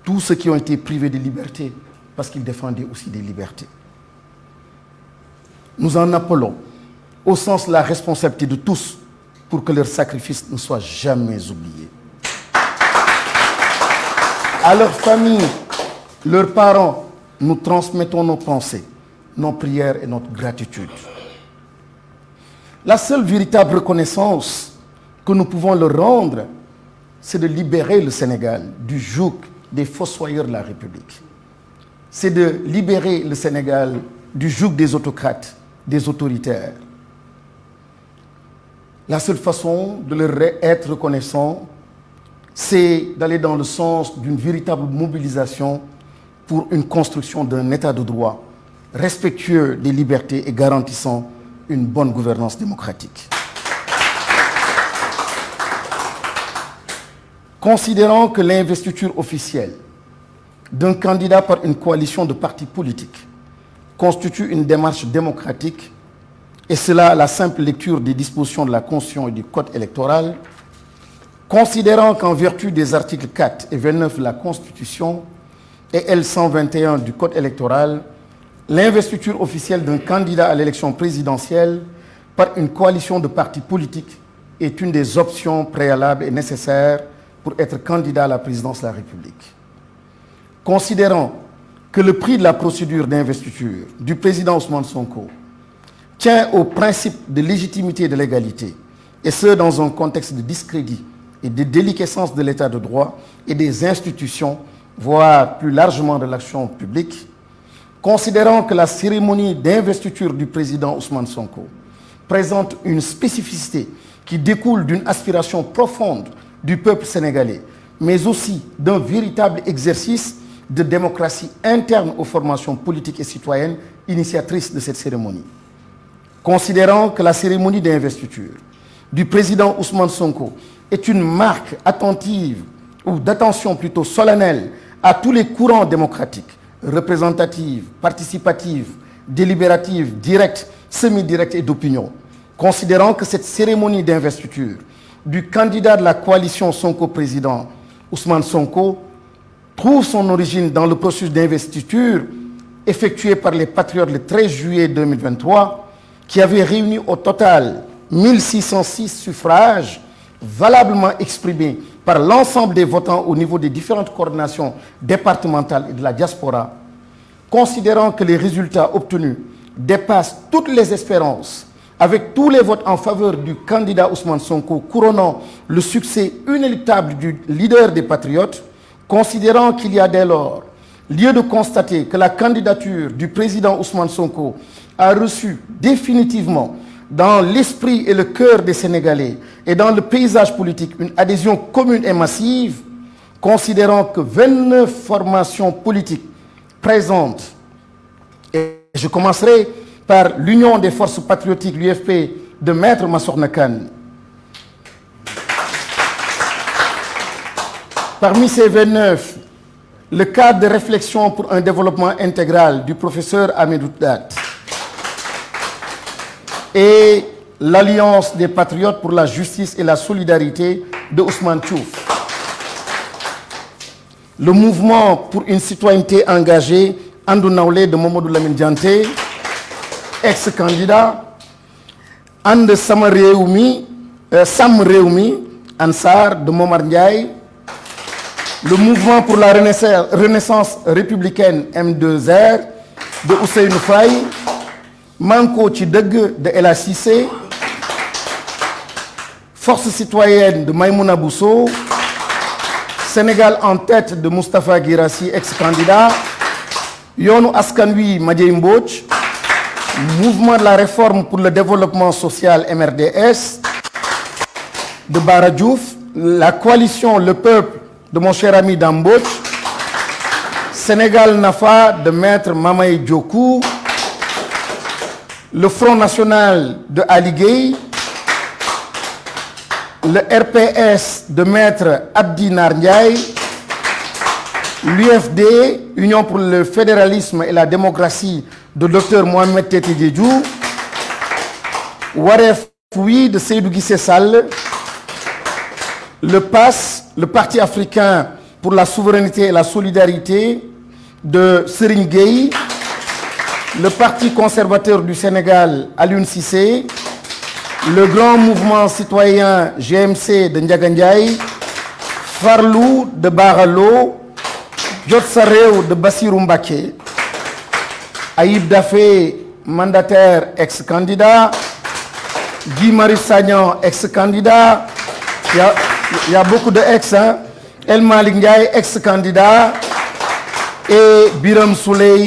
tous ceux qui ont été privés de liberté, parce qu'il défendait aussi des libertés. Nous en appelons au sens la responsabilité de tous pour que leur sacrifice ne soit jamais oublié. À leurs familles, leurs parents, nous transmettons nos pensées, nos prières et notre gratitude. La seule véritable reconnaissance que nous pouvons leur rendre, c'est de libérer le Sénégal du joug des fossoyeurs de la République. c'est de libérer le Sénégal du joug des autocrates, des autoritaires. La seule façon de leur être reconnaissant, c'est d'aller dans le sens d'une véritable mobilisation pour une construction d'un état de droit respectueux des libertés et garantissant une bonne gouvernance démocratique. Considérant que l'investiture officielle d'un candidat par une coalition de partis politiques constitue une démarche démocratique et cela la simple lecture des la Constitution et du Code électoral, considérant qu'en vertu des articles 4 et 29 la Constitution et L121 du Code électoral, l'investiture officielle d'un candidat à l'élection présidentielle par une coalition de partis politiques est une des options préalables et pour être candidat à la présidence de considérant que le prix de la procédure d'investiture du président Ousmane Sonko tient au principe de légitimité et de l'égalité, et ce dans un contexte de discrédit et de déliquescence de l'état de droit et des institutions, voire plus largement de l'action publique, considérant que la cérémonie d'investiture du président Ousmane Sonko présente une spécificité qui découle d'une aspiration profonde du peuple sénégalais, mais aussi d'un véritable exercice de démocratie interne aux formations politiques et citoyennes initiatrices de cette cérémonie. Considérant que la cérémonie d'investiture du président Ousmane Sonko est une marque attentive ou d'attention plutôt solennelle à tous les courants démocratiques, représentatifs, participatifs, délibératifs, directs, semi-directs et d'opinion. Considérant que cette cérémonie d'investiture du candidat de la coalition Sonko président Ousmane Sonko trouve son origine dans le processus d'investiture effectué par les Patriotes le 13 juillet 2023, qui avait réuni au total 1606 suffrages valablement exprimés par l'ensemble des votants au niveau des différentes coordinations départementales la diaspora, considérant les résultats obtenus dépassent toutes les espérances, avec tous les votes en faveur du candidat Ousmane Sonko couronnant le succès inéluctable du leader des Patriotes, Considérant qu'il y a dès de constater que la candidature du président Ousmane Sonko a reçu définitivement dans l'esprit et le cœur des Sénégalais et dans le paysage politique une adhésion commune et massive, considérant que 29 formations politiques présentes, et je commencerai par l'Union des forces patriotiques, l'UFP, de Maître Massokhna Kane, Parmi ces 29, le cadre de réflexion pour un développement intégral du professeur Ahmed Oudat et l'Alliance des patriotes pour la justice et la solidarité de Ousmane Tchouf. Le mouvement pour une citoyenneté engagée Andou Naoulé de Mamadou Lamine Dianté, ex-candidat, And Sam Réoumi, euh, Sam Réoumi Ansar de Momar Ndiaye, le mouvement pour la renaissance républicaine M2R de Ousseynou Faye Manko ci dëgg de El Hadj Cissé Force citoyenne de Maïmouna Bousso Sénégal en tête de Moustapha Guirassi ex-candidat Yoonu Askan Wi Madieye Mbodj Mouvement de la réforme pour le développement social MRDS de Bara la coalition Le Peuple de mon cher ami Dambot, Sénégal Nafa de maître Mamaye Djokou, le Front National de Ali le RPS de maître Abdi Ndiaye, l'UFD, Union pour le fédéralisme et la démocratie de Dr Mohamed Tete Djedjou, Waref Foui de Seydou Guissé Le PAS, le Parti africain pour la souveraineté et la solidarité de Serigne Gueye, le Parti conservateur du Sénégal Alioune Cissé, le grand mouvement citoyen GMC de Ndiaga Ndiaye, Farlou de Bara Lo, Jot Sa Réew de Bassirou Mbacké, Ayib Daffé, mandataire ex-candidat, Guy Marius ex-candidat, Il y a de ex, hein? El Malik Ndiaye, ex-candidat. Et Biram Souley,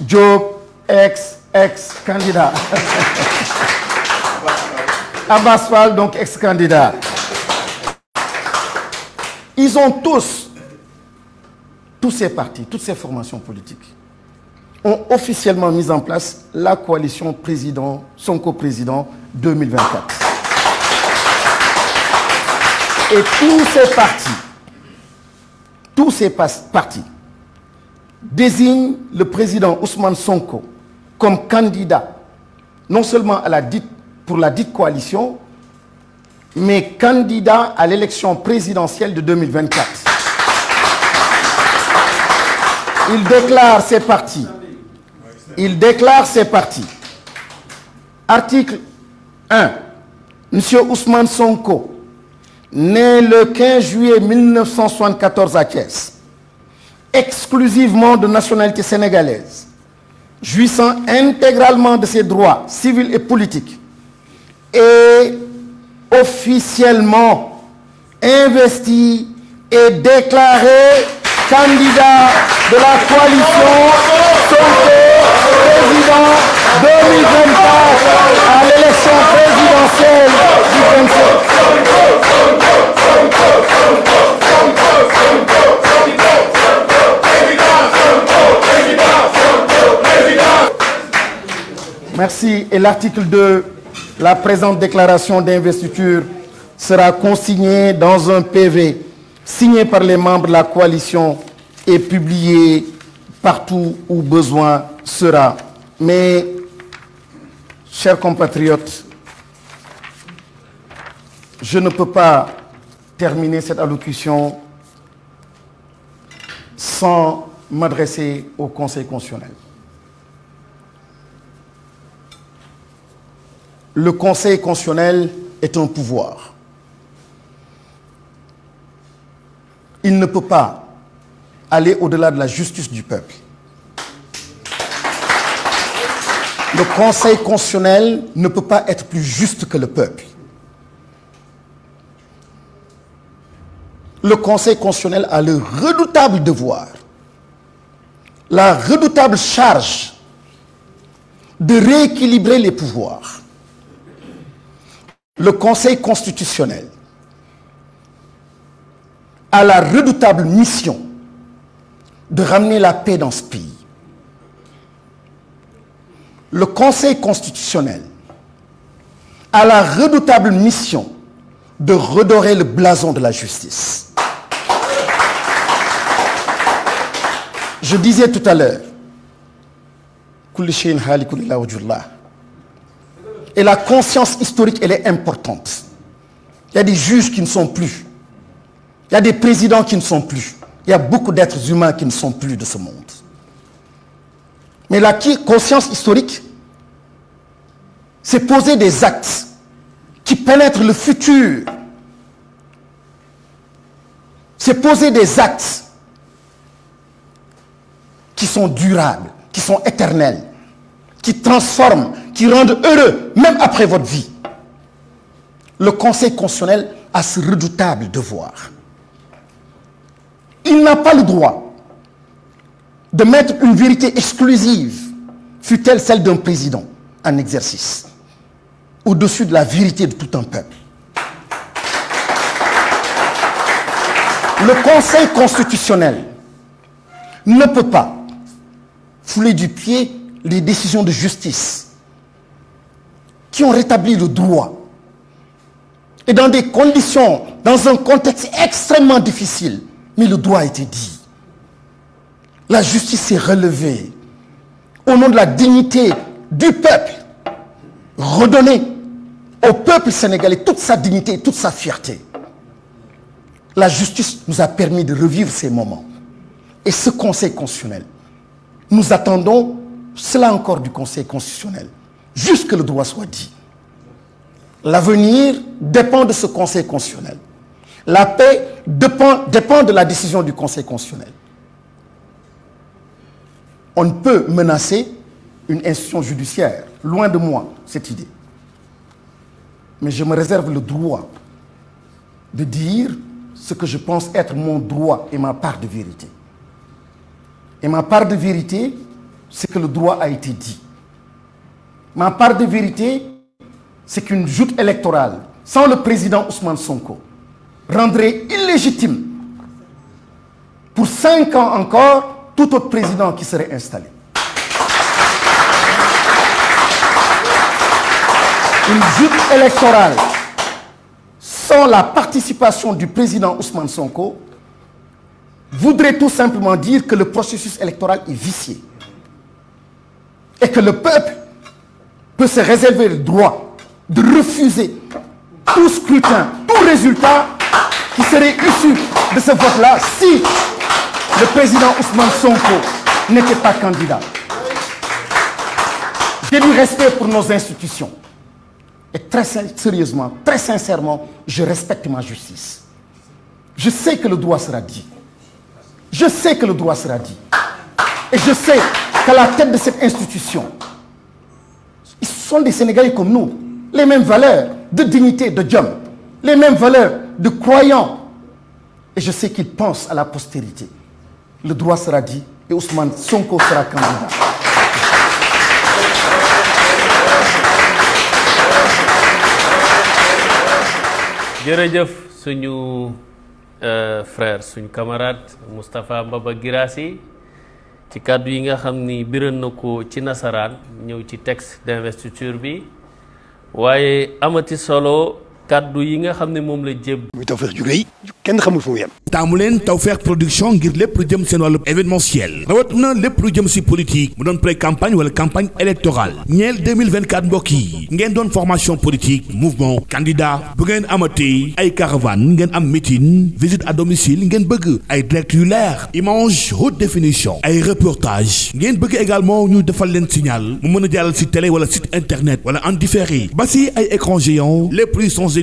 Diop, ex, donc ex-candidat. Ils ont tous, tous ces partis, toutes ces formations politiques, ont officiellement mis en place la coalition président, son coprésident 2024. Et tous ces partis, tous ces le président Ousmane Sonko comme candidat, non seulement à la dite, pour la dite coalition, mais candidat à l'élection présidentielle de 2024. Il déclare ses partis. Il déclare ses partis. Article 1. Monsieur Ousmane Sonko, né le 15 juillet 1974 à Thiès, exclusivement de nationalité sénégalaise, jouissant intégralement de ses droits civils et politiques, est officiellement investi et déclaré candidat de la coalition Sonko président 2024 à l'élection présidentielle du 27. Merci. Et l'article 2, la présente déclaration d'investiture sera consignée dans un PV signé par les membres de la coalition et publié partout où besoin sera. Mais Chers compatriotes, je ne peux pas terminer cette allocution sans m'adresser au Conseil constitutionnel. Le Conseil constitutionnel est un pouvoir. Il ne peut pas aller au-delà de la justice du peuple. le Conseil constitutionnel ne peut pas être plus juste que le peuple. Le Conseil constitutionnel a le redoutable devoir, la redoutable charge de rééquilibrer les pouvoirs. Le Conseil constitutionnel a la redoutable mission de ramener la paix dans ce pays. le Conseil constitutionnel a la redoutable mission de redorer le blason de la justice. Je disais tout à l'heure, et la conscience historique, elle est importante. Il y a des juges qui ne sont plus. Il a des présidents qui ne sont plus. Il y a beaucoup d'êtres humains qui ne sont plus de ce monde. Mais la conscience historique, c'est poser des actes qui pénètrent le futur. C'est poser des actes qui sont durables, qui sont éternels, qui transforment, qui rendent heureux, même après votre vie. Le Conseil constitutionnel a ce redoutable devoir. Il n'a pas le droit de mettre une vérité exclusive, fut-elle celle d'un président en exercice. au-dessus de la vérité de tout un peuple. Le Conseil constitutionnel ne peut pas fouler du pied les décisions de justice qui ont rétabli le droit et dans des conditions, dans un contexte extrêmement difficile, mais le droit a été dit. La justice s'est relevée au nom de la dignité du peuple, redonnée au peuple sénégalais toute sa dignité et toute sa fierté. La justice nous a permis de revivre ces moments. Et ce Conseil constitutionnel, nous attendons cela encore du Conseil constitutionnel, jusque le droit soit dit. L'avenir dépend de ce Conseil constitutionnel. La paix dépend, dépend de la décision du Conseil constitutionnel. On ne peut menacer une institution judiciaire, loin de moi cette idée. mais je me réserve le droit de dire ce que je pense être mon droit et ma part de vérité. Et ma part de vérité, c'est que le droit a été dit. Ma part de vérité, c'est qu'une joute électorale sans le président Ousmane Sonko rendrait illégitime pour cinq ans encore tout autre président qui serait installé. une joute électorale sans la participation du président Ousmane Sonko voudrait tout simplement dire que le processus électoral est vicié et que le peuple peut se réserver le droit de refuser tout scrutin, tout résultat qui serait issu de ce vote-là si le président Ousmane Sonko n'était pas candidat. J'ai du respect pour nos institutions. Et très sérieusement, très sincèrement, je respecte ma justice. Je sais que le droit sera dit. Je sais que le droit sera dit. Et je sais qu'à la tête de cette institution, ils sont des Sénégalais comme nous. Les mêmes valeurs de dignité, de jump. Les mêmes valeurs de croyants. Et je sais qu'ils pensent à la postérité. Le droit sera dit et Ousmane Sonko sera candidat. jërëjëf suñu euh, frère suñu camarade Moustapha baba Guirassy ci kàddu yi nga xam ni biral na ko ci nasaraan ñëw ci texte d'investiture bi waaye amati solo kàddu yi nga xam ne moom la jéb. muy Tawfekh taamu leen Tawfekh production ngir lépp lu jëm seen wàllu événementiel rawat na lépp lu jëm si politique mu doon pré campagne wala campagne électorale ñeel 2024 ngeen doon formation politique mouvement candidat bu ngeen amatee ay caravane ngeen am meeting visite à domicile ngeen bëgg ay direct yu leer image haute définition ay reportage ngeen bëgg également ñu defal leen signal mu mën a jàllal si télé wala ba si ay écran géant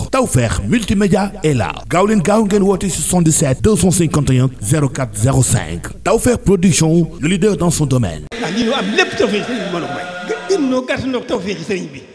jox Tawfekh multimédia est là gaaw leen gaaw ngeen woote 77 251 04 05 Tawfekh production le leader dans son domaine. Ah, am lépp Tawfekh sëriñ bi mën a may. gën noo gàtt noo Tawfekh sëriñ bi.